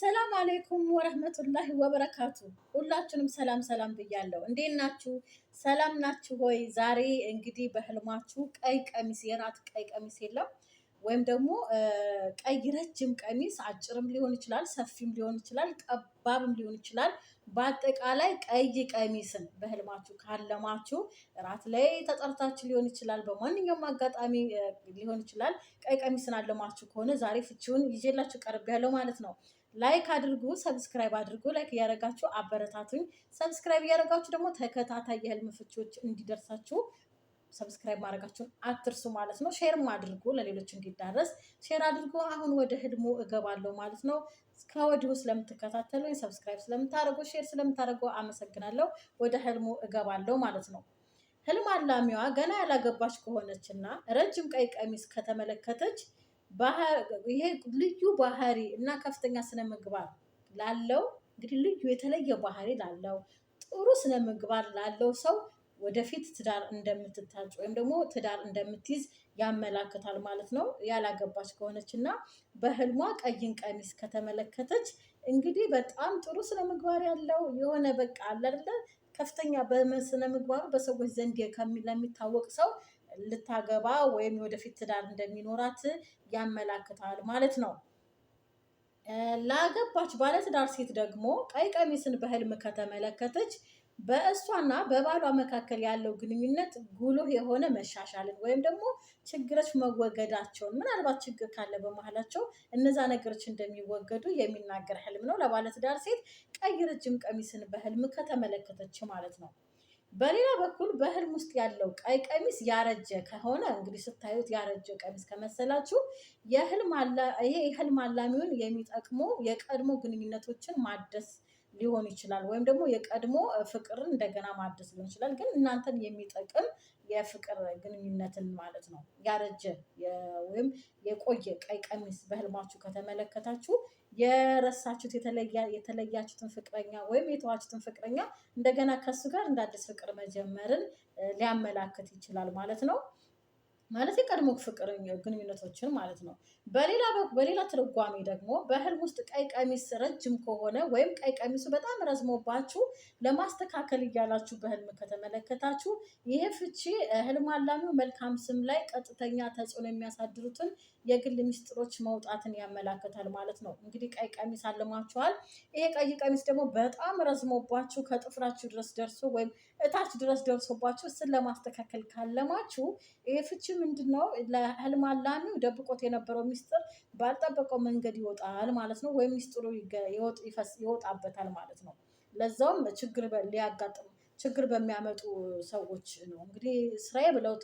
አሰላም አሌይኩም ወረህመቱላሂ ወበረካቱ። ሁላችንም ሰላም ሰላም ብያለሁ። እንዴት ናችሁ? ሰላም ናችሁ ሆይ? ዛሬ እንግዲህ በህልማችሁ ቀይ ቀሚስ የራት ቀይ ቀሚስ የለም ወይም ደግሞ ቀይ ረጅም ቀሚስ አጭርም ሊሆን ይችላል፣ ሰፊም ሊሆን ይችላል፣ ጠባብም ሊሆን ይችላል። በአጠቃላይ ቀይ ቀሚስን በህልማችሁ ካለማችሁ እራት ላይ ተጠርታችሁ ሊሆን ይችላል፣ በማንኛውም አጋጣሚ ሊሆን ይችላል። ቀይ ቀሚስን አለማችሁ ከሆነ ዛሬ ፍቺውን ይዤላችሁ ቀርብ ያለው ማለት ነው። ላይክ አድርጉ፣ ሰብስክራይብ አድርጉ። ላይክ እያደረጋችሁ አበረታቱኝ። ሰብስክራይብ እያደረጋችሁ ደግሞ ተከታታይ የህልም ፍቾች እንዲደርሳችሁ ሰብስክራይብ ማድረጋችሁን አትርሱ ማለት ነው። ሼርም አድርጉ ለሌሎች እንዲዳረስ ሼር አድርጉ። አሁን ወደ ህልሙ እገባለሁ ማለት ነው። ከወዲሁ ስለምትከታተሉ ሰብስክራይብ ስለምታደርጉ፣ ሼር ስለምታደርጉ አመሰግናለሁ። ወደ ህልሙ እገባለሁ ማለት ነው። ህልም አላሚዋ ገና ያላገባች ከሆነች እና ረጅም ቀይ ቀሚስ ከተመለከተች ይሄ ልዩ ባህሪ እና ከፍተኛ ስነ ምግባር ላለው እንግዲህ ልዩ የተለየ ባህሪ ላለው ጥሩ ስነ ምግባር ላለው ሰው ወደፊት ትዳር እንደምትታጭ ወይም ደግሞ ትዳር እንደምትይዝ ያመላክታል ማለት ነው። ያላገባች ከሆነች እና በህልሟ ቀይን ቀሚስ ከተመለከተች እንግዲህ በጣም ጥሩ ስነ ምግባር ያለው የሆነ በቃ አለ አይደለ ከፍተኛ በስነ ምግባሩ በሰዎች ዘንድ ለሚታወቅ ሰው ልታገባ ወይም ወደፊት ትዳር እንደሚኖራት ያመላክታል ማለት ነው። ላገባች ባለትዳር ሴት ደግሞ ቀይ ቀሚስን በህልም ከተመለከተች በእሷና በባሏ መካከል ያለው ግንኙነት ጉልህ የሆነ መሻሻልን ወይም ደግሞ ችግሮች መወገዳቸውን ምናልባት ችግር ካለ በመሀላቸው እነዛ ነገሮች እንደሚወገዱ የሚናገር ህልም ነው። ለባለትዳር ሴት ቀይ ረጅም ቀሚስን በህልም ከተመለከተች ማለት ነው። በሌላ በኩል በህልም ውስጥ ያለው ቀይ ቀሚስ ያረጀ ከሆነ እንግዲህ ስታዩት ያረጀ ቀሚስ ከመሰላችሁ ይሄ የህልም አላሚውን የሚጠቅሙ የቀድሞ ግንኙነቶችን ማደስ ሊሆን ይችላል። ወይም ደግሞ የቀድሞ ፍቅርን እንደገና ማደስ ሊሆን ይችላል። ግን እናንተን የሚጠቅም የፍቅር ግንኙነትን ማለት ነው። ያረጀ ወይም የቆየ ቀይ ቀሚስ በህልማችሁ ከተመለከታችሁ የረሳችሁት የተለያችሁትን ፍቅረኛ ወይም የተዋችሁትን ፍቅረኛ እንደገና ከሱ ጋር እንደ አዲስ ፍቅር መጀመርን ሊያመላክት ይችላል ማለት ነው። ማለት የቀድሞ ፍቅር ግንኙነቶችን ማለት ነው በሌላ በሌላ ትርጓሜ ደግሞ በህልም ውስጥ ቀይ ቀሚስ ረጅም ከሆነ ወይም ቀይ ቀሚሱ በጣም ረዝሞባችሁ ለማስተካከል እያላችሁ በህልም ከተመለከታችሁ ይህ ፍቺ ህልም አላሚው መልካም ስም ላይ ቀጥተኛ ተጽዕኖ የሚያሳድሩትን የግል ምስጢሮች መውጣትን ያመላክታል ማለት ነው። እንግዲህ ቀይ ቀሚስ አልማችኋል። ይሄ ቀይ ቀሚስ ደግሞ በጣም ረዝሞባችሁ ከጥፍራችሁ ድረስ ደርሶ ወይም እታች ድረስ ደርሶባችሁ እሱን ለማስተካከል ካለማችሁ ይሄ ፍቺ ምንድን ነው? ለህልም አላሚው ደብቆት የነበረው ሚስጥር ባልጠበቀው መንገድ ይወጣል ማለት ነው፣ ወይም ሚስጥሩ ይወጣበታል ማለት ነው። ለዛውም ችግር ሊያጋጥም ችግር በሚያመጡ ሰዎች ነው እንግዲህ ስራዬ ብለው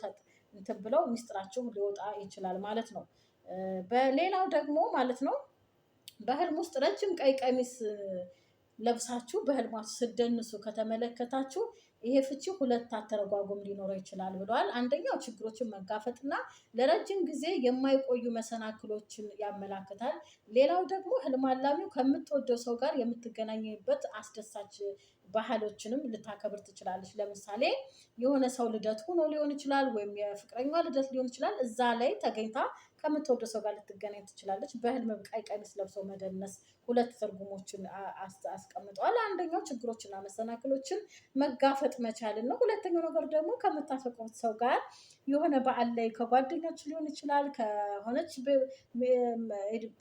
እንትን ብለው ሚስጥራቸው ሊወጣ ይችላል ማለት ነው። በሌላው ደግሞ ማለት ነው በህልም ውስጥ ረጅም ቀይ ቀሚስ ለብሳችሁ በህልማችሁ ስደንሱ ከተመለከታችሁ ይሄ ፍቺ ሁለት አተረጓጎም ሊኖረው ይችላል ብለዋል። አንደኛው ችግሮችን መጋፈጥና ለረጅም ጊዜ የማይቆዩ መሰናክሎችን ያመላክታል። ሌላው ደግሞ ህልም አላሚው ከምትወደው ሰው ጋር የምትገናኝበት አስደሳች ባህሎችንም ልታከብር ትችላለች። ለምሳሌ የሆነ ሰው ልደት ሆኖ ሊሆን ይችላል፣ ወይም የፍቅረኛ ልደት ሊሆን ይችላል። እዛ ላይ ተገኝታ ከምትወደው ሰው ጋር ልትገናኝ ትችላለች። በህልም ቀይ ቀሚስ ለብሶ መደነስ ሁለት ትርጉሞችን አስቀምጠዋል። አንደኛው ችግሮችና መሰናክሎችን መጋፈጥ መቻልን ነው። ሁለተኛው ነገር ደግሞ ከምታፈቅሩት ሰው ጋር የሆነ በዓል ላይ ከጓደኞች ሊሆን ይችላል፣ ከሆነች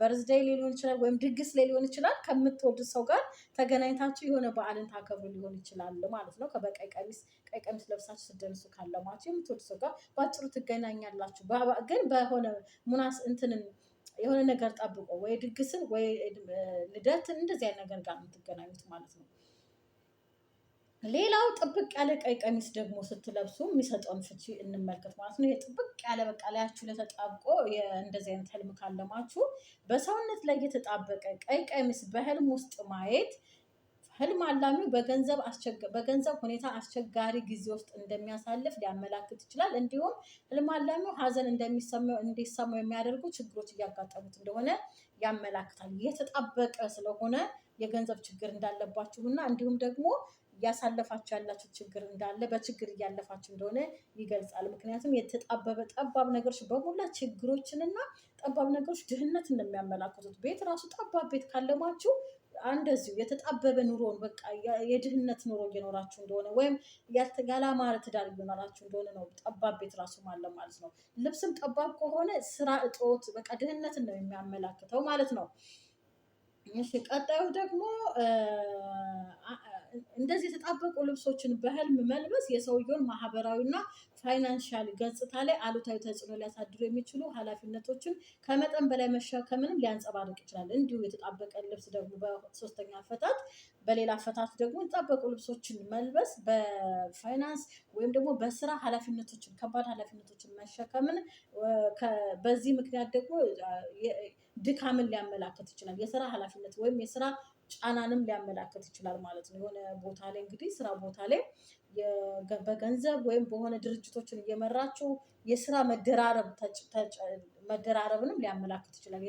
በርዝዴይ ሊሆን ይችላል፣ ወይም ድግስ ላይ ሊሆን ይችላል። ከምትወዱት ሰው ጋር ተገናኝታችሁ የሆነ በዓልን ታከብሩ ሊሆን ይችላል ማለት ነው። ከበቀይ ቀሚስ ቀይ ቀሚስ ለብሳችሁ ስደንሱ ካለማችሁ የምትወዱ ሰው ጋር በአጭሩ ትገናኛላችሁ። ግን በሆነ ሙናስ እንትንን የሆነ ነገር ጠብቆ ወይ ድግስን ወይ ልደትን እንደዚህ አይነት ነገር ጋር የምትገናኙት ማለት ነው። ሌላው ጥብቅ ያለ ቀይ ቀሚስ ደግሞ ስትለብሱ የሚሰጠውን ፍቺ እንመልከት ማለት ነው። ጥብቅ ያለ በቃ ላያችሁ ለተጣብቆ እንደዚህ አይነት ህልም ካለማችሁ በሰውነት ላይ የተጣበቀ ቀይ ቀሚስ በህልም ውስጥ ማየት ህልም አላሚው በገንዘብ በገንዘብ ሁኔታ አስቸጋሪ ጊዜ ውስጥ እንደሚያሳልፍ ሊያመላክት ይችላል። እንዲሁም ህልም አላሚው ሀዘን እንዲሰማው የሚያደርጉ ችግሮች እያጋጠሙት እንደሆነ ያመላክታል። የተጣበቀ ስለሆነ የገንዘብ ችግር እንዳለባችሁ እና እንዲሁም ደግሞ እያሳለፋችሁ ያላችሁ ችግር እንዳለ በችግር እያለፋችሁ እንደሆነ ይገልጻል። ምክንያቱም የተጣበበ ጠባብ ነገሮች በሙላ ችግሮችንና ጠባብ ነገሮች ድህነት እንደሚያመላክቱት ቤት ራሱ ጠባብ ቤት ካለማችሁ እንደዚሁ የተጣበበ ኑሮን በቃ የድህነት ኑሮ እየኖራችሁ እንደሆነ ወይም ያላማረ ትዳር እየኖራችሁ እንደሆነ ነው። ጠባብ ቤት ራሱ ማለ ማለት ነው። ልብስም ጠባብ ከሆነ ስራ እጦት በቃ ድህነትን ነው የሚያመላክተው ማለት ነው። ቀጣዩ ደግሞ እንደዚህ የተጣበቁ ልብሶችን በህልም መልበስ የሰውየውን ማህበራዊና ፋይናንሻል ገጽታ ላይ አሉታዊ ተጽዕኖ ሊያሳድሩ የሚችሉ ኃላፊነቶችን ከመጠን በላይ መሸከምንም ሊያንጸባርቅ ይችላል። እንዲሁ የተጣበቀ ልብስ ደግሞ በሶስተኛ አፈታት፣ በሌላ አፈታት ደግሞ የተጣበቁ ልብሶችን መልበስ በፋይናንስ ወይም ደግሞ በስራ ኃላፊነቶችን ከባድ ኃላፊነቶችን መሸከምን በዚህ ምክንያት ደግሞ ድካምን ሊያመላከት ይችላል። የስራ ኃላፊነት ወይም የስራ ጫናንም ሊያመላክት ይችላል ማለት ነው። የሆነ ቦታ ላይ እንግዲህ ስራ ቦታ ላይ በገንዘብ ወይም በሆነ ድርጅቶችን እየመራችሁ የስራ መደራረብ መደራረብንም ሊያመላክት ይችላል።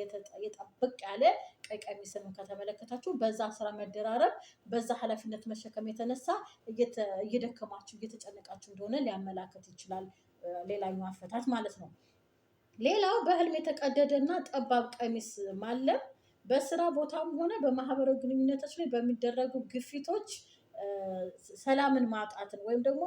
የጠበቅ ያለ ቀይ ቀሚስንም ከተመለከታችሁ በዛ ስራ መደራረብ በዛ ኃላፊነት መሸከም የተነሳ እየደከማችሁ እየተጨነቃችሁ እንደሆነ ሊያመላክት ይችላል። ሌላኛው አፈታት ማለት ነው። ሌላው በህልም የተቀደደ እና ጠባብ ቀሚስ ማለም በስራ ቦታም ሆነ በማህበራዊ ግንኙነቶች ላይ በሚደረጉ ግፊቶች ሰላምን ማጣትን ወይም ደግሞ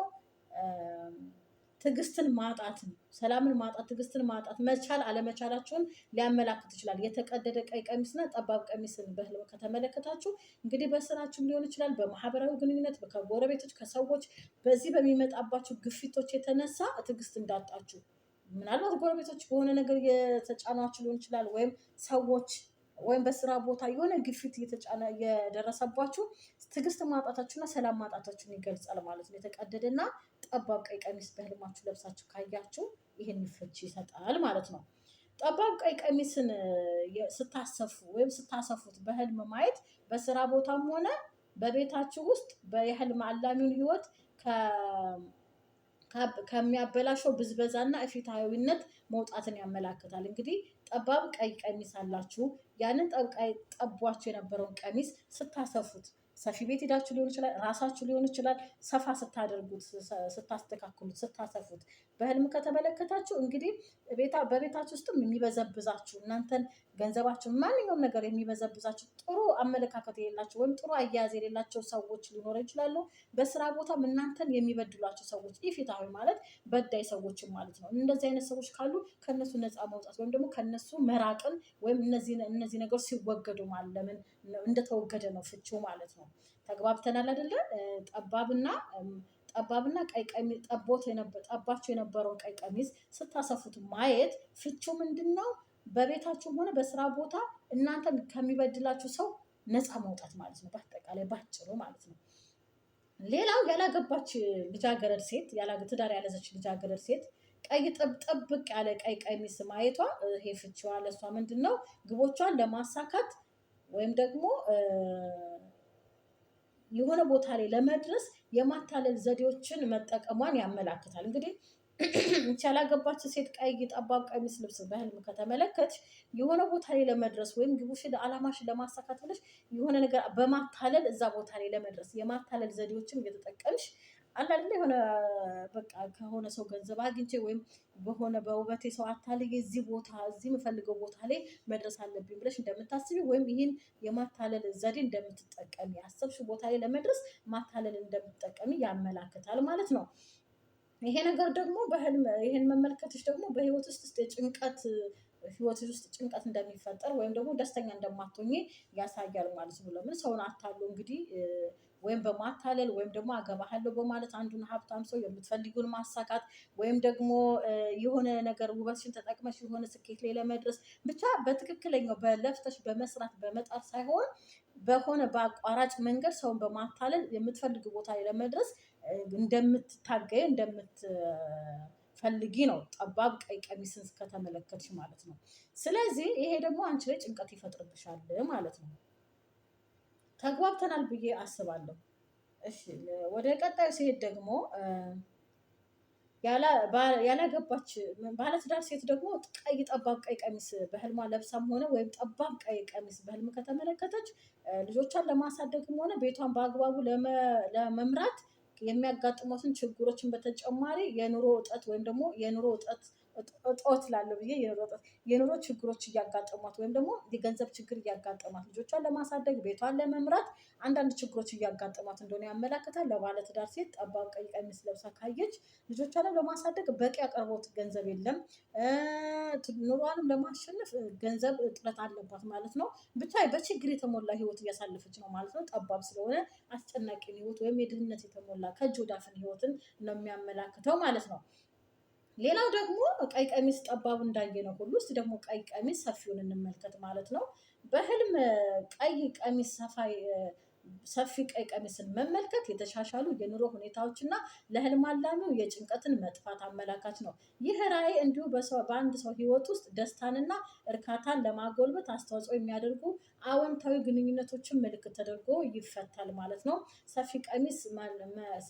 ትዕግስትን ማጣትን ሰላምን ማጣት ትዕግስትን ማጣት መቻል አለመቻላቸውን ሊያመላክት ይችላል። የተቀደደ ቀይ ቀሚስና ጠባብ ቀሚስን በህልም ከተመለከታችሁ እንግዲህ በስራችሁም ሊሆን ይችላል፣ በማህበራዊ ግንኙነት፣ ከጎረቤቶች፣ ከሰዎች በዚህ በሚመጣባቸው ግፊቶች የተነሳ ትዕግስት እንዳጣችሁ ምናልባት ጎረቤቶች በሆነ ነገር የተጫኗችሁ ሊሆን ይችላል ወይም ሰዎች ወይም በስራ ቦታ የሆነ ግፊት እየተጫነ የደረሰባችሁ ትዕግስት ማጣታችሁና ሰላም ማጣታችሁን ይገልጻል ማለት ነው። የተቀደደና ጠባብ ቀይ ቀሚስ በህልማችሁ ለብሳችሁ ካያችሁ ይህን ፍቺ ይሰጣል ማለት ነው። ጠባብ ቀይ ቀሚስን ስታሰፉ ወይም ስታሰፉት በህልም ማየት በስራ ቦታም ሆነ በቤታችሁ ውስጥ የህልም አላሚውን ህይወት ከሚያበላሸው ብዝበዛና እፊታዊነት መውጣትን ያመላክታል። እንግዲህ ጠባብ ቀይ ቀሚስ አላችሁ። ያንን ጠቧችሁ የነበረውን ቀሚስ ስታሰፉት ሰፊ ቤት ሄዳችሁ ሊሆን ይችላል፣ ራሳችሁ ሊሆን ይችላል። ሰፋ ስታደርጉት፣ ስታስተካክሉት፣ ስታሰፉት በህልም ከተመለከታችሁ እንግዲህ በቤታችሁ ውስጥም የሚበዘብዛችሁ እናንተን ገንዘባችሁ፣ ማንኛውም ነገር የሚበዘብዛችሁ ጥሩ አመለካከት የሌላቸው ወይም ጥሩ አያያዝ የሌላቸው ሰዎች ሊኖረ ይችላሉ። በስራ ቦታም እናንተን የሚበድሏቸው ሰዎች ኢፍትሐዊ ማለት በዳይ ሰዎች ማለት ነው። እንደዚህ አይነት ሰዎች ካሉ ከነሱ ነፃ መውጣት ወይም ደግሞ ከነሱ መራቅን ወይም እነዚህ ነገሮች ሲወገዱ ማለምን እንደተወገደ ነው ፍቺው ማለት ነው። ተግባብተናል አይደለ? ጠባብና ጠባብና ቀይ ቀሚስ ጠቦት ጠባቸው የነበረውን ቀይ ቀሚስ ስታሰፉት ማየት ፍቺው ምንድን ነው? በቤታችሁም ሆነ በስራ ቦታ እናንተን ከሚበድላችሁ ሰው ነፃ መውጣት ማለት ነው። በአጠቃላይ ባጭሩ ማለት ነው። ሌላው ያላገባች ልጃገረድ ሴት ትዳር ያለዘች ልጃገረድ ሴት ቀይ ጥብጥብቅ ያለ ቀይ ቀሚስ ማየቷ ይሄ ፍቺዋ ለእሷ ምንድን ነው? ግቦቿን ለማሳካት ወይም ደግሞ የሆነ ቦታ ላይ ለመድረስ የማታለል ዘዴዎችን መጠቀሟን ያመላክታል። እንግዲህ ይቺ ያላገባች ሴት ቀይ ጠባብ ቀሚስ ልብስ በህልም ከተመለከት የሆነ ቦታ ላይ ለመድረስ ወይም ግቡሽ አላማሽ ለማሳካት ብለሽ የሆነ ነገር በማታለል እዛ ቦታ ላይ ለመድረስ የማታለል ዘዴዎችን እየተጠቀምሽ አለ የሆነ በቃ ከሆነ ሰው ገንዘብ አግኝቼ ወይም በሆነ በውበቴ ሰው አታልዬ እዚህ ቦታ እዚህ የምፈልገው ቦታ ላይ መድረስ አለብኝ ብለሽ እንደምታስቢ ወይም ይህን የማታለል ዘዴ እንደምትጠቀሚ አሰብሽ ቦታ ላይ ለመድረስ ማታለል እንደምትጠቀሚ ያመላክታል ማለት ነው። ይሄ ነገር ደግሞ በህልም ይሄን መመልከትሽ ደግሞ በህይወት ውስጥ ጭንቀት ህይወት ውስጥ ጭንቀት እንደሚፈጠር ወይም ደግሞ ደስተኛ እንደማትሆኝ ያሳያል ማለት ነው። ለምን ሰውን አታሉ እንግዲህ ወይም በማታለል ወይም ደግሞ አገባሃለሁ በማለት አንዱን ሀብታም ሰው የምትፈልጉን ማሳካት ወይም ደግሞ የሆነ ነገር ውበትሽን ተጠቅመሽ የሆነ ስኬት ላይ ለመድረስ ብቻ በትክክለኛው በለፍተሽ በመስራት በመጣር ሳይሆን በሆነ በአቋራጭ መንገድ ሰውን በማታለል የምትፈልግ ቦታ ላይ ለመድረስ እንደምትታገይ እንደምት ፈልጊ ነው ጠባብ ቀይ ቀሚስን ከተመለከትሽ ማለት ነው። ስለዚህ ይሄ ደግሞ አንቺ ላይ ጭንቀት ይፈጥርብሻል ማለት ነው። ተግባብተናል ብዬ አስባለሁ። እሺ ወደ ቀጣዩ ሲሄድ ደግሞ ያላገባች ባለትዳር ሴት ደግሞ ቀይ ጠባብ ቀይ ቀሚስ በህልሟ ለብሳም ሆነ ወይም ጠባብ ቀይ ቀሚስ በህልም ከተመለከተች ልጆቿን ለማሳደግም ሆነ ቤቷን በአግባቡ ለመምራት የሚያጋጥሟትን ችግሮችን በተጨማሪ የኑሮ እጥረት ወይም ደግሞ የኑሮ እጥረት እጦት ላለው ብዬ የኑሮ ችግሮች እያጋጠሟት ወይም ደግሞ የገንዘብ ችግር እያጋጠሟት ልጆቿን ለማሳደግ ቤቷን ለመምራት አንዳንድ ችግሮች እያጋጠሟት እንደሆነ ያመላክታል። ለባለትዳር ሴት ጠባብ ቀይ ቀሚስ ለብሳ ካየች ልጆቿንም ለማሳደግ በቂ አቅርቦት ገንዘብ የለም፣ ኑሯንም ለማሸነፍ ገንዘብ እጥረት አለባት ማለት ነው። ብቻ በችግር የተሞላ ህይወት እያሳለፈች ነው ማለት ነው። ጠባብ ስለሆነ አስጨናቂን ህይወት ወይም የድህነት የተሞላ ከእጅ ወደ አፍን ህይወትን ነው የሚያመላክተው ማለት ነው። ሌላው ደግሞ ቀይ ቀሚስ ጠባብ እንዳየ ነው ሁሉ ውስጥ ደግሞ ቀይ ቀሚስ ሰፊውን እንመልከት ማለት ነው። በህልም ቀይ ቀሚስ ሰፊ ቀይ ቀሚስን መመልከት የተሻሻሉ የኑሮ ሁኔታዎች እና ለህልም አላሚው የጭንቀትን መጥፋት አመላካች ነው። ይህ ራዕይ እንዲሁ በአንድ ሰው ህይወት ውስጥ ደስታንና እርካታን ለማጎልበት አስተዋጽኦ የሚያደርጉ አዎንታዊ ግንኙነቶችን ምልክት ተደርጎ ይፈታል ማለት ነው። ሰፊ ቀሚስ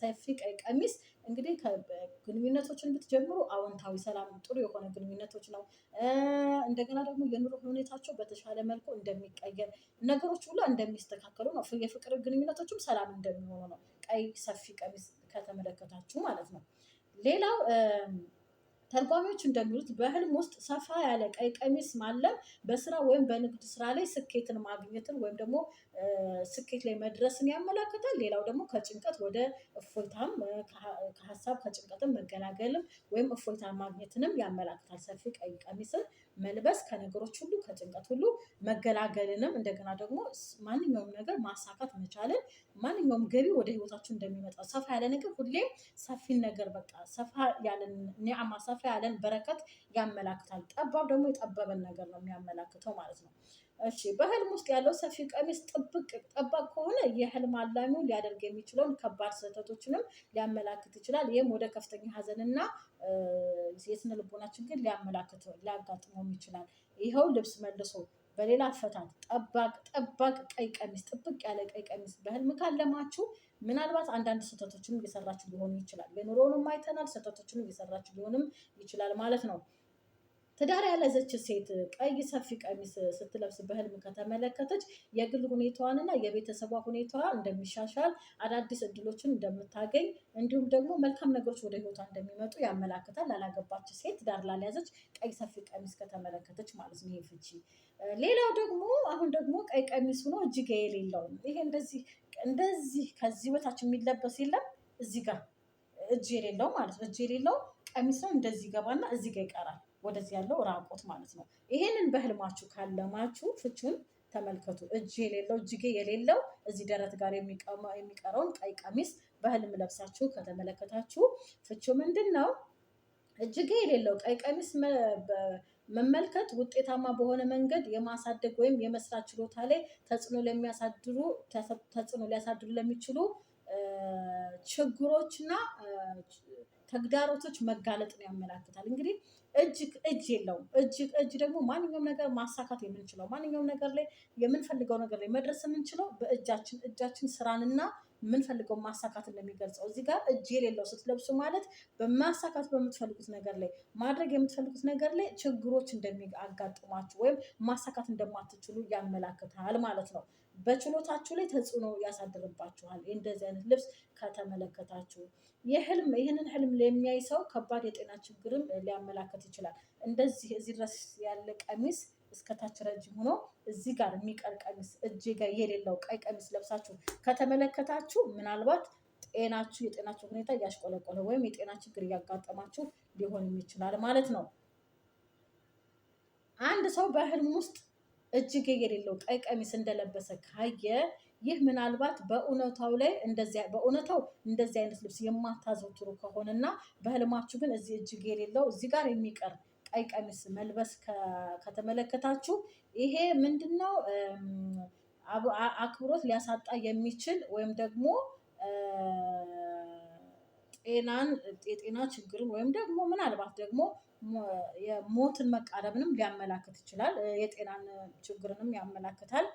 ሰፊ ቀይ ቀሚስ እንግዲህ ግንኙነቶችን ብትጀምሩ አዎንታዊ ሰላም፣ ጥሩ የሆነ ግንኙነቶች ነው። እንደገና ደግሞ የኑሮ ሁኔታቸው በተሻለ መልኩ እንደሚቀየር ነገሮች ሁሉ እንደሚስተካከሉ ነው። የፍቅር ግንኙነቶችም ሰላም እንደሚሆኑ ነው። ቀይ ሰፊ ቀሚስ ከተመለከታችሁ ማለት ነው። ሌላው ተርጓሚዎች እንደሚሉት በህልም ውስጥ ሰፋ ያለ ቀይ ቀሚስ ማለም በስራ ወይም በንግድ ስራ ላይ ስኬትን ማግኘትን ወይም ደግሞ ስኬት ላይ መድረስን ያመላክታል። ሌላው ደግሞ ከጭንቀት ወደ እፎይታም ከሀሳብ ከጭንቀትም መገላገልም ወይም እፎይታ ማግኘትንም ያመላክታል። ሰፊ ቀይ ቀሚስን መልበስ ከነገሮች ሁሉ ከጭንቀት ሁሉ መገላገልንም እንደገና ደግሞ ማንኛውም ነገር ማሳካት መቻልን ማንኛውም ገቢ ወደ ህይወታችን እንደሚመጣ ሰፋ ያለ ነገር ሁሌም ሰፊን ነገር በቃ ሰፋ ያለን ሰፋ ያለን በረከት ያመላክታል። ጠባብ ደግሞ የጠበበን ነገር ነው የሚያመላክተው ማለት ነው። እሺ በህልም ውስጥ ያለው ሰፊ ቀሚስ ጥብቅ ጠባቅ ከሆነ የህልም አላሚው ሊያደርግ የሚችለውን ከባድ ስህተቶችንም ሊያመላክት ይችላል። ይህም ወደ ከፍተኛ ሀዘንና የስነ ልቦና ችግር ሊያመላክት ሊያጋጥመውም ይችላል። ይኸው ልብስ መልሶ በሌላ አፈታት ጠባቅ ጠባቅ ቀይ ቀሚስ ጥብቅ ያለ ቀይ ቀሚስ በህልም ካለማችሁ ምናልባት አንዳንድ ስህተቶችንም እየሰራችሁ ሊሆን ይችላል። የኑሮውንም አይተናል። ስህተቶችንም እየሰራችሁ ሊሆንም ይችላል ማለት ነው። ትዳር ያለዘች ሴት ቀይ ሰፊ ቀሚስ ስትለብስ በህልም ከተመለከተች የግል ሁኔታዋንና የቤተሰቧ ሁኔታዋ እንደሚሻሻል፣ አዳዲስ እድሎችን እንደምታገኝ እንዲሁም ደግሞ መልካም ነገሮች ወደ ህይወቷ እንደሚመጡ ያመላክታል። ላላገባች ሴት ትዳር ላልያዘች ቀይ ሰፊ ቀሚስ ከተመለከተች ማለት ነው ይሄ ፍቺ። ሌላው ደግሞ አሁን ደግሞ ቀይ ቀሚስ ሆኖ እጅጌ የሌለውም ይሄ እንደዚህ እንደዚህ ከዚህ በታች የሚለበስ የለም እዚህ ጋር እጅ የሌለው ማለት ነው። እጅ የሌለው ቀሚስ ነው። እንደዚህ ይገባና እዚህ ጋር ይቀራል። ወደዚህ ያለው ራቆት ማለት ነው። ይሄንን በህልማችሁ ካለማችሁ ፍቹን ተመልከቱ። እጅ የሌለው እጅጌ የሌለው እዚህ ደረት ጋር የሚቀረውን ቀይ ቀሚስ በህልም ለብሳችሁ ከተመለከታችሁ ፍቹ ምንድን ነው? እጅጌ የሌለው ቀይ ቀሚስ መመልከት ውጤታማ በሆነ መንገድ የማሳደግ ወይም የመስራት ችሎታ ላይ ተጽዕኖ ለሚያሳድሩ ተጽዕኖ ሊያሳድሩ ለሚችሉ ችግሮችና ተግዳሮቶች መጋለጥን ያመላክታል። እንግዲህ እጅ እጅ የለውም። እጅ እጅ ደግሞ ማንኛውም ነገር ማሳካት የምንችለው ማንኛውም ነገር ላይ የምንፈልገው ነገር ላይ መድረስ የምንችለው በእጃችን እጃችን ስራንና የምንፈልገው ማሳካት እንደሚገልጸው እዚህ ጋር እጅ የሌለው ስትለብሱ ማለት በማሳካት በምትፈልጉት ነገር ላይ ማድረግ የምትፈልጉት ነገር ላይ ችግሮች እንደሚያጋጥሟችሁ ወይም ማሳካት እንደማትችሉ ያመላክታል ማለት ነው። በችሎታችሁ ላይ ተጽዕኖ ያሳድርባችኋል። እንደዚህ አይነት ልብስ ከተመለከታችሁ የህልም ይህንን ህልም ለሚያይ ሰው ከባድ የጤና ችግርም ሊያመላከት ይችላል። እንደዚህ እዚህ ድረስ ያለ ቀሚስ እስከታች ረጅም ሆኖ እዚህ ጋር የሚቀር ቀሚስ እጅ ጋር የሌለው ቀይ ቀሚስ ለብሳችሁ ከተመለከታችሁ ምናልባት ጤናችሁ የጤናችሁ ሁኔታ እያሽቆለቆለ ወይም የጤና ችግር እያጋጠማችሁ ሊሆንም ይችላል ማለት ነው። አንድ ሰው በህልም ውስጥ እጅጌ የሌለው ቀይ ቀሚስ እንደለበሰ ካየ ይህ ምናልባት በእውነታው ላይ በእውነታው እንደዚህ አይነት ልብስ የማታዘውትሩ ከሆነና በህልማችሁ ግን እዚህ እጅጌ የሌለው እዚህ ጋር የሚቀር ቀይ ቀሚስ መልበስ ከተመለከታችሁ ይሄ ምንድን ነው? አክብሮት ሊያሳጣ የሚችል ወይም ደግሞ ጤናን የጤና ችግርን ወይም ደግሞ ምናልባት ደግሞ የሞትን መቃረብንም ሊያመላክት ይችላል። የጤናን ችግርንም ያመላክታል።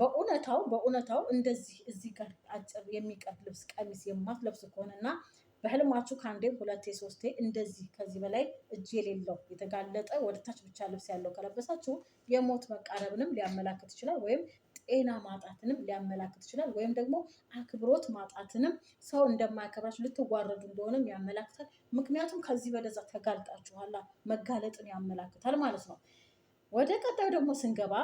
በእውነታው በእውነታው እንደዚህ እዚህ ጋር አጭር የሚቀር ልብስ ቀሚስ የማትለብስ ከሆነ በህልማችሁ ከአንዴ ሁለቴ ሶስቴ እንደዚህ ከዚህ በላይ እጅ የሌለው የተጋለጠ ወደታች ብቻ ልብስ ያለው ከለበሳችሁ የሞት መቃረብንም ሊያመላክት ይችላል ወይም ጤና ማጣትንም ሊያመላክት ይችላል። ወይም ደግሞ አክብሮት ማጣትንም ሰው እንደማያከብራችሁ ልትዋረዱ እንደሆነም ያመላክታል። ምክንያቱም ከዚህ ወደዛ ተጋልጣችኋላ መጋለጥን ያመላክታል ማለት ነው። ወደ ቀጣዩ ደግሞ ስንገባ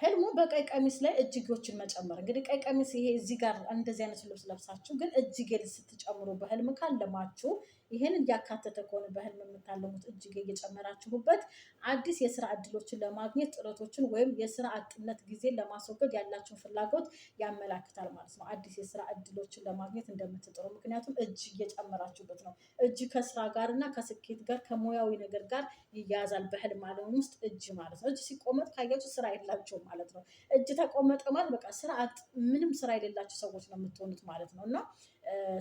ህልሙ በቀይ ቀሚስ ላይ እጅጌዎችን መጨመር። እንግዲህ ቀይ ቀሚስ ይሄ እዚህ ጋር እንደዚህ አይነት ልብስ ለብሳችሁ ግን እጅጌ ስትጨምሩ በህልም ካለማችሁ ይህን እያካተተ ከሆነ በህልም የምታለሙት እጅግ እየጨመራችሁበት አዲስ የስራ እድሎችን ለማግኘት ጥረቶችን ወይም የስራ አጥነት ጊዜን ለማስወገድ ያላችሁን ፍላጎት ያመላክታል ማለት ነው። አዲስ የስራ እድሎችን ለማግኘት እንደምትጥሩ ምክንያቱም እጅ እየጨመራችሁበት ነው። እጅ ከስራ ጋር እና ከስኬት ጋር ከሙያዊ ነገር ጋር ይያዛል። በህልም ዓለም ውስጥ እጅ ማለት ነው። እጅ ሲቆመጥ ካያችሁ ስራ የላቸውም ማለት ነው። እጅ ተቆመጠ ማለት በቃ ስራ አጥ ምንም ስራ የሌላቸው ሰዎች ነው የምትሆኑት ማለት ነው እና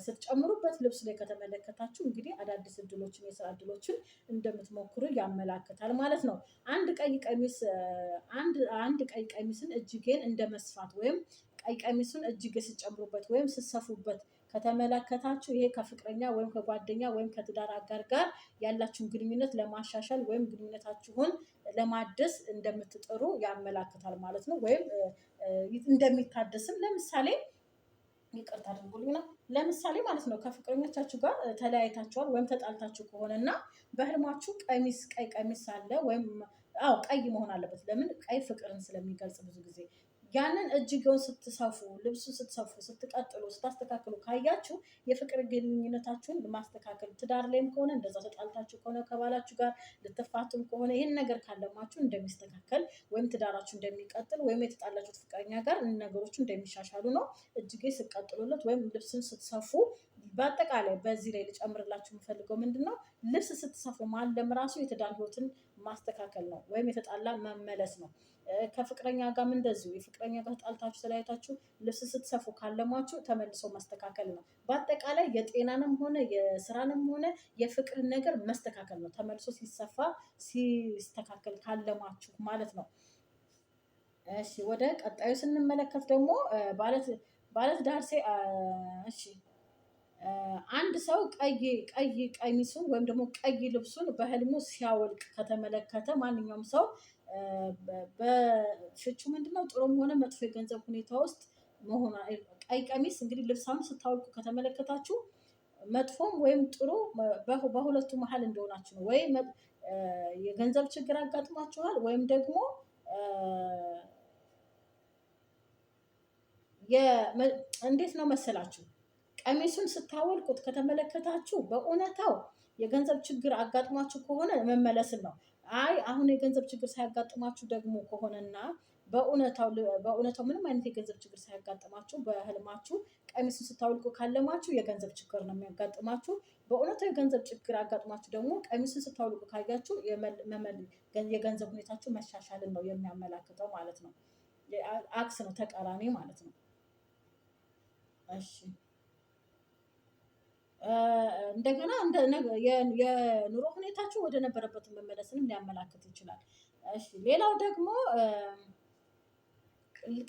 ስትጨምሩበት ልብስ ላይ ከተመለከታችሁ እንግዲህ አዳዲስ እድሎችን የስራ እድሎችን እንደምትሞክሩ ያመላክታል ማለት ነው። አንድ ቀይ ቀሚስ አንድ ቀይ ቀሚስን እጅጌን እንደ መስፋት ወይም ቀይ ቀሚሱን እጅጌ ስትጨምሩበት ወይም ስትሰፉበት ከተመለከታችሁ ይሄ ከፍቅረኛ ወይም ከጓደኛ ወይም ከትዳር አጋር ጋር ያላችሁን ግንኙነት ለማሻሻል ወይም ግንኙነታችሁን ለማደስ እንደምትጥሩ ያመላክታል ማለት ነው። ወይም እንደሚታደስም ለምሳሌ ይቅርታ አድርጉልኝና ለምሳሌ ማለት ነው ከፍቅረኞቻችሁ ጋር ተለያይታችኋል ወይም ተጣልታችሁ ከሆነ እና በህልማችሁ ቀሚስ ቀይ ቀሚስ አለ ወይም አዎ ቀይ መሆን አለበት። ለምን ቀይ ፍቅርን ስለሚገልጽ ብዙ ጊዜ ያንን እጅጌውን ስትሰፉ ልብሱን ስትሰፉ ስትቀጥሉ ስታስተካክሉ ካያችሁ የፍቅር ግንኙነታችሁን ማስተካከል ትዳር ላይም ከሆነ እንደዛ ተጣልታችሁ ከሆነ ከባላችሁ ጋር ልትፋቱም ከሆነ ይህን ነገር ካለማችሁ እንደሚስተካከል ወይም ትዳራችሁ እንደሚቀጥል ወይም የተጣላችሁት ፍቅረኛ ጋር ነገሮቹ እንደሚሻሻሉ ነው። እጅጌ ስትቀጥሉለት ወይም ልብስን ስትሰፉ በአጠቃላይ በዚህ ላይ ልጨምርላችሁ የምፈልገው ምንድን ነው፣ ልብስ ስትሰፉ ማለም ራሱ የትዳር ህይወትን ማስተካከል ነው ወይም የተጣላ መመለስ ነው። ከፍቅረኛ ጋርም እንደዚሁ የፍቅረኛ ጋር ጣልታችሁ ተለያይታችሁ ልብስ ስትሰፉ ካለሟችሁ ተመልሶ ማስተካከል ነው። በአጠቃላይ የጤናንም ሆነ የስራንም ሆነ የፍቅርን ነገር መስተካከል ነው። ተመልሶ ሲሰፋ ሲስተካከል ካለሟችሁ ማለት ነው። እሺ ወደ ቀጣዩ ስንመለከት ደግሞ ባለትዳር ሴ እሺ አንድ ሰው ቀይ ቀይ ቀሚሱን ወይም ደግሞ ቀይ ልብሱን በህልሙ ሲያወልቅ ከተመለከተ ማንኛውም ሰው በፍቹ ምንድነው? ጥሩም ሆነ መጥፎ የገንዘብ ሁኔታ ውስጥ መሆኗ። ቀይ ቀሚስ እንግዲህ ልብሳውን ስታወልቁ ከተመለከታችሁ መጥፎም ወይም ጥሩ በሁለቱ መሀል እንደሆናችሁ ነው። ወይ የገንዘብ ችግር አጋጥሟችኋል ወይም ደግሞ እንዴት ነው መሰላችሁ? ቀሚሱን ስታወልቁት ከተመለከታችሁ በእውነታው የገንዘብ ችግር አጋጥሟችሁ ከሆነ መመለስን ነው። አይ አሁን የገንዘብ ችግር ሳያጋጥማችሁ ደግሞ ከሆነና በእውነታው ምንም አይነት የገንዘብ ችግር ሳያጋጥማችሁ በህልማችሁ ቀሚሱን ስታውልቁ ካለማችሁ የገንዘብ ችግር ነው የሚያጋጥማችሁ። በእውነታው የገንዘብ ችግር አጋጥማችሁ ደግሞ ቀሚሱን ስታውልቁ ካያችሁ የገንዘብ ሁኔታችሁ መሻሻልን ነው የሚያመላክተው ማለት ነው። አክስ ነው፣ ተቃራኒ ማለት ነው። እሺ እንደገና የኑሮ ሁኔታችሁ ወደ ነበረበት መመለስንም ሊያመላክት ይችላል። ሌላው ደግሞ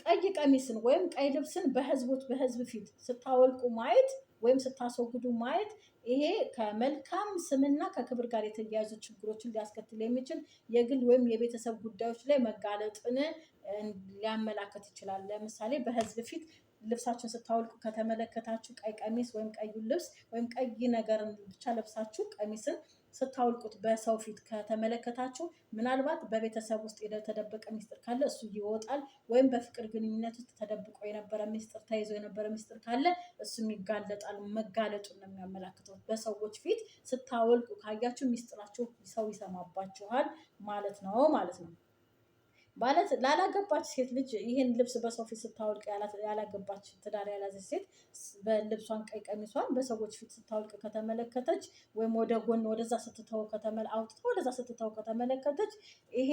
ቀይ ቀሚስን ወይም ቀይ ልብስን በህዝቦች በህዝብ ፊት ስታወልቁ ማየት ወይም ስታስወግዱ ማየት ይሄ ከመልካም ስምና ከክብር ጋር የተያያዙ ችግሮችን ሊያስከትል የሚችል የግል ወይም የቤተሰብ ጉዳዮች ላይ መጋለጥን ሊያመላከት ይችላል። ለምሳሌ በህዝብ ፊት ልብሳችሁን ስታወልቁ ከተመለከታችሁ ቀይ ቀሚስ ወይም ቀዩን ልብስ ወይም ቀይ ነገርን ብቻ ለብሳችሁ ቀሚስን ስታውልቁት በሰው ፊት ከተመለከታችሁ ምናልባት በቤተሰብ ውስጥ የተደበቀ ሚስጥር ካለ እሱ ይወጣል። ወይም በፍቅር ግንኙነት ውስጥ ተደብቆ የነበረ ሚስጥር፣ ተይዞ የነበረ ሚስጥር ካለ እሱም ይጋለጣል። መጋለጡ ነው የሚያመላክተው። በሰዎች ፊት ስታወልቁ ካያችሁ ሚስጥራችሁ ሰው ይሰማባችኋል ማለት ነው ማለት ነው። ማለት ላላገባች ሴት ልጅ ይህን ልብስ በሰው ፊት ስታወልቅ ያላገባች ትዳር ያላዘች ሴት በልብሷን ቀይ ቀሚሷን በሰዎች ፊት ስታወልቅ ከተመለከተች ወይም ወደ ጎን ወደዛ ስትተው ከተመለ ወደዛ ስትተው ከተመለከተች ይሄ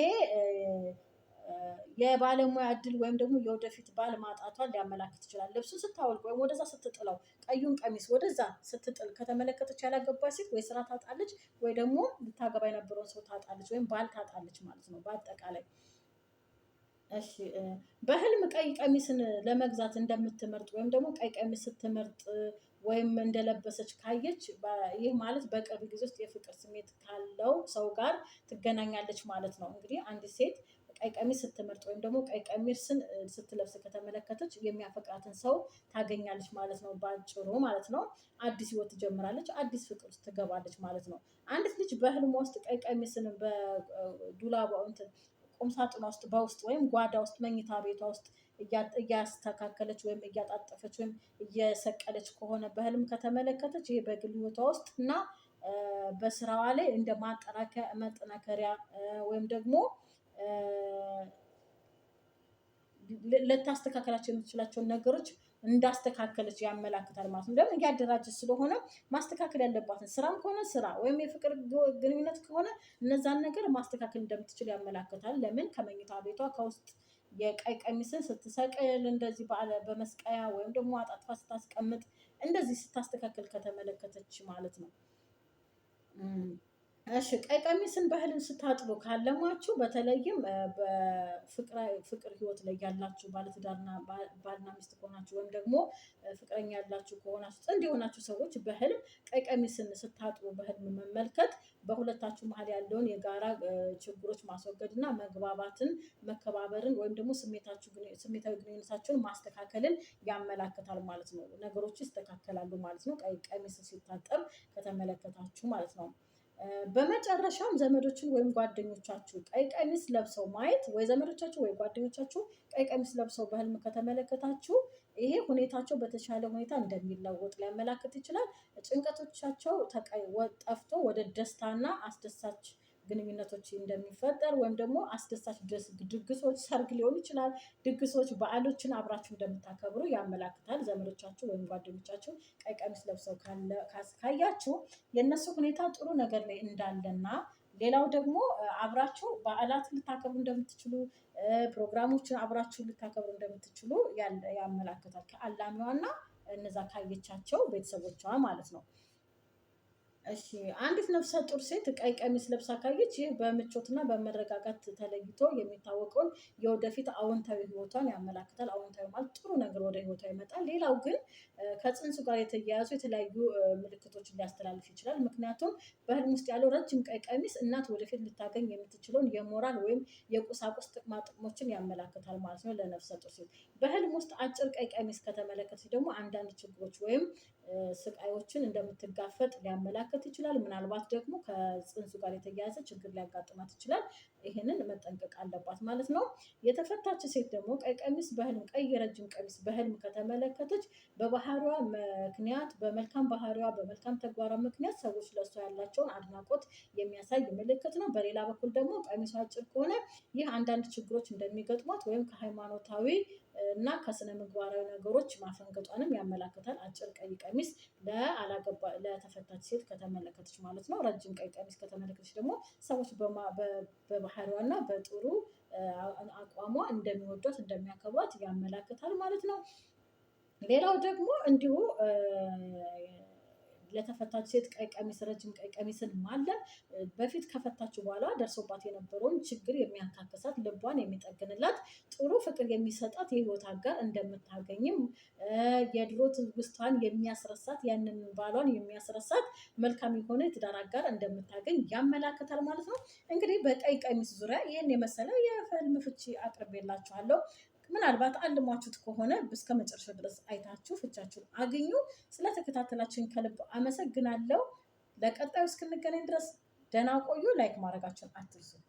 የባለሙያ እድል ወይም ደግሞ የወደፊት ባል ማጣቷን ሊያመላክት ይችላል። ልብሱን ስታወልቅ ወይም ወደዛ ስትጥለው ቀዩን ቀሚስ ወደዛ ስትጥል ከተመለከተች ያላገባች ሴት ወይ ስራ ታጣለች፣ ወይ ደግሞ ልታገባ የነበረውን ሰው ታጣለች፣ ወይም ባል ታጣለች ማለት ነው በአጠቃላይ እሺ በህልም ቀይ ቀሚስን ለመግዛት እንደምትመርጥ ወይም ደግሞ ቀይ ቀሚስ ስትመርጥ ወይም እንደለበሰች ካየች ይህ ማለት በቅርብ ጊዜ ውስጥ የፍቅር ስሜት ካለው ሰው ጋር ትገናኛለች ማለት ነው። እንግዲህ አንዲት ሴት ቀይ ቀሚስ ስትመርጥ ወይም ደግሞ ቀይ ቀሚስን ስትለብስ ከተመለከተች የሚያፈቅራትን ሰው ታገኛለች ማለት ነው። በአጭሩ ማለት ነው። አዲስ ህይወት ትጀምራለች፣ አዲስ ፍቅር ውስጥ ትገባለች ማለት ነው። አንዲት ልጅ በህልሟ ውስጥ ቀይ ቀሚስን በዱላ ቁምሳጥኗ ውስጥ በውስጥ ወይም ጓዳ ውስጥ መኝታ ቤቷ ውስጥ እያስተካከለች ወይም እያጣጠፈች ወይም እየሰቀለች ከሆነ በህልም ከተመለከተች ይሄ በግል ህይወቷ ውስጥ እና በስራዋ ላይ እንደ ማጠናከያ መጠናከሪያ ወይም ደግሞ ልታስተካከላቸው የምትችላቸውን ነገሮች እንዳስተካከለች ያመላክታል ማለት ነው። ደግሞ እያደራጀች ስለሆነ ማስተካከል ያለባትን ስራም ከሆነ ስራ ወይም የፍቅር ግንኙነት ከሆነ እነዛን ነገር ማስተካከል እንደምትችል ያመላክታል። ለምን ከመኝታ ቤቷ ከውስጥ የቀይ ቀሚስን ስትሰቅል እንደዚህ በመስቀያ ወይም ደግሞ አጣጥፋ ስታስቀምጥ እንደዚህ ስታስተካከል ከተመለከተች ማለት ነው። እሺ ቀይ ቀሚስን ባህልን ስታጥቡ ካለማችሁ በተለይም በፍቅር ህይወት ላይ ያላችሁ ባለትዳርና ባልና ሚስት ከሆናችሁ ወይም ደግሞ ፍቅረኛ ያላችሁ ከሆናችሁ ጥንድ የሆናችሁ ሰዎች በህልም ቀይ ቀሚስን ስታጥቡ በህልም መመልከት በሁለታችሁ መሀል ያለውን የጋራ ችግሮች ማስወገድና መግባባትን፣ መከባበርን ወይም ደግሞ ስሜታዊ ግንኙነታቸውን ማስተካከልን ያመላክታል ማለት ነው። ነገሮች ይስተካከላሉ ማለት ነው። ቀይ ቀሚስ ሲታጠብ ከተመለከታችሁ ማለት ነው። በመጨረሻም ዘመዶችን ወይም ጓደኞቻችሁ ቀይ ቀሚስ ለብሰው ማየት ወይ ዘመዶቻችሁ ወይ ጓደኞቻችሁ ቀይ ቀሚስ ለብሰው በህልም ከተመለከታችሁ ይሄ ሁኔታቸው በተሻለ ሁኔታ እንደሚለወጥ ሊያመላክት ይችላል። ጭንቀቶቻቸው ጠፍቶ ወደ ደስታና አስደሳች ግንኙነቶች እንደሚፈጠር ወይም ደግሞ አስደሳች ድግሶች፣ ሰርግ ሊሆን ይችላል፣ ድግሶች፣ በዓሎችን አብራችሁ እንደምታከብሩ ያመላክታል። ዘመዶቻችሁ ወይም ጓደኞቻችሁ ቀይ ቀሚስ ለብሰው ካያችሁ የእነሱ ሁኔታ ጥሩ ነገር ላይ እንዳለና ሌላው ደግሞ አብራችሁ በዓላትን ልታከብሩ እንደምትችሉ ፕሮግራሞችን አብራችሁ ልታከብሩ እንደምትችሉ ያመላክታል። ከአላሚዋና እነዛ ካየቻቸው ቤተሰቦቿ ማለት ነው። እሺ አንዲት ነፍሰ ጡር ሴት ቀይ ቀሚስ ለብሳ ካየች ይህ በምቾትና በመረጋጋት ተለይቶ የሚታወቀውን የወደፊት አዎንታዊ ህይወቷን ያመላክታል። አዎንታዊ ማለት ጥሩ ነገር ወደ ህይወቷ ይመጣል። ሌላው ግን ከጽንሱ ጋር የተያያዙ የተለያዩ ምልክቶች ሊያስተላልፍ ይችላል። ምክንያቱም በህልም ውስጥ ያለው ረጅም ቀይ ቀሚስ እናት ወደፊት ልታገኝ የምትችለውን የሞራል ወይም የቁሳቁስ ጥቅማ ጥቅሞችን ያመላክታል ማለት ነው ለነፍሰ ጡር ሴት። በህልም ውስጥ አጭር ቀይ ቀሚስ ከተመለከተች ደግሞ አንዳንድ ችግሮች ወይም ስቃዮችን እንደምትጋፈጥ ሊያመላክት ሊያመለክት ይችላል። ምናልባት ደግሞ ከጽንሱ ጋር የተያያዘ ችግር ሊያጋጥማት ይችላል። ይህንን መጠንቀቅ አለባት ማለት ነው። የተፈታች ሴት ደግሞ ቀይ ቀሚስ በህልም ቀይ ረጅም ቀሚስ በህልም ከተመለከተች በባህሪዋ ምክንያት በመልካም ባህሪዋ በመልካም ተግባሯ ምክንያት ሰዎች ለሷ ያላቸውን አድናቆት የሚያሳይ ምልክት ነው። በሌላ በኩል ደግሞ ቀሚሷ አጭር ከሆነ ይህ አንዳንድ ችግሮች እንደሚገጥሟት ወይም ከሃይማኖታዊ እና ከስነ ምግባራዊ ነገሮች ማፈንገጧንም ያመላክታል። አጭር ቀይ ቀሚስ ለአላገባ ለተፈታች ሴት ከተመለከተች ማለት ነው። ረጅም ቀይ ቀሚስ ከተመለከተች ደግሞ ሰዎች በባህሪዋና በጥሩ አቋሟ እንደሚወዷት እንደሚያከብሯት ያመላክታል ማለት ነው። ሌላው ደግሞ እንዲሁ ለተፈታች ሴት ቀይ ቀሚስ፣ ረጅም ቀይ ቀሚስን ማለት በፊት ከፈታችሁ በኋላ ደርሶባት የነበረውን ችግር የሚያካክሳት ልቧን የሚጠግንላት ጥሩ ፍቅር የሚሰጣት የህይወት አጋር እንደምታገኝም የድሮ ትውስታን የሚያስረሳት ያንን ባሏን የሚያስረሳት መልካም የሆነ የትዳር አጋር እንደምታገኝ ያመላክታል ማለት ነው። እንግዲህ በቀይ ቀሚስ ዙሪያ ይህን የመሰለ የህልም ፍቺ አቅርቤላችኋለሁ። ምናልባት አልማችሁት ከሆነ እስከ መጨረሻ ድረስ አይታችሁ ፍቻችሁን አግኙ። ስለተከታተላችሁን ከልብ አመሰግናለሁ። ለቀጣዩ እስክንገናኝ ድረስ ደህና ቆዩ። ላይክ ማድረጋችሁን አትርሱ።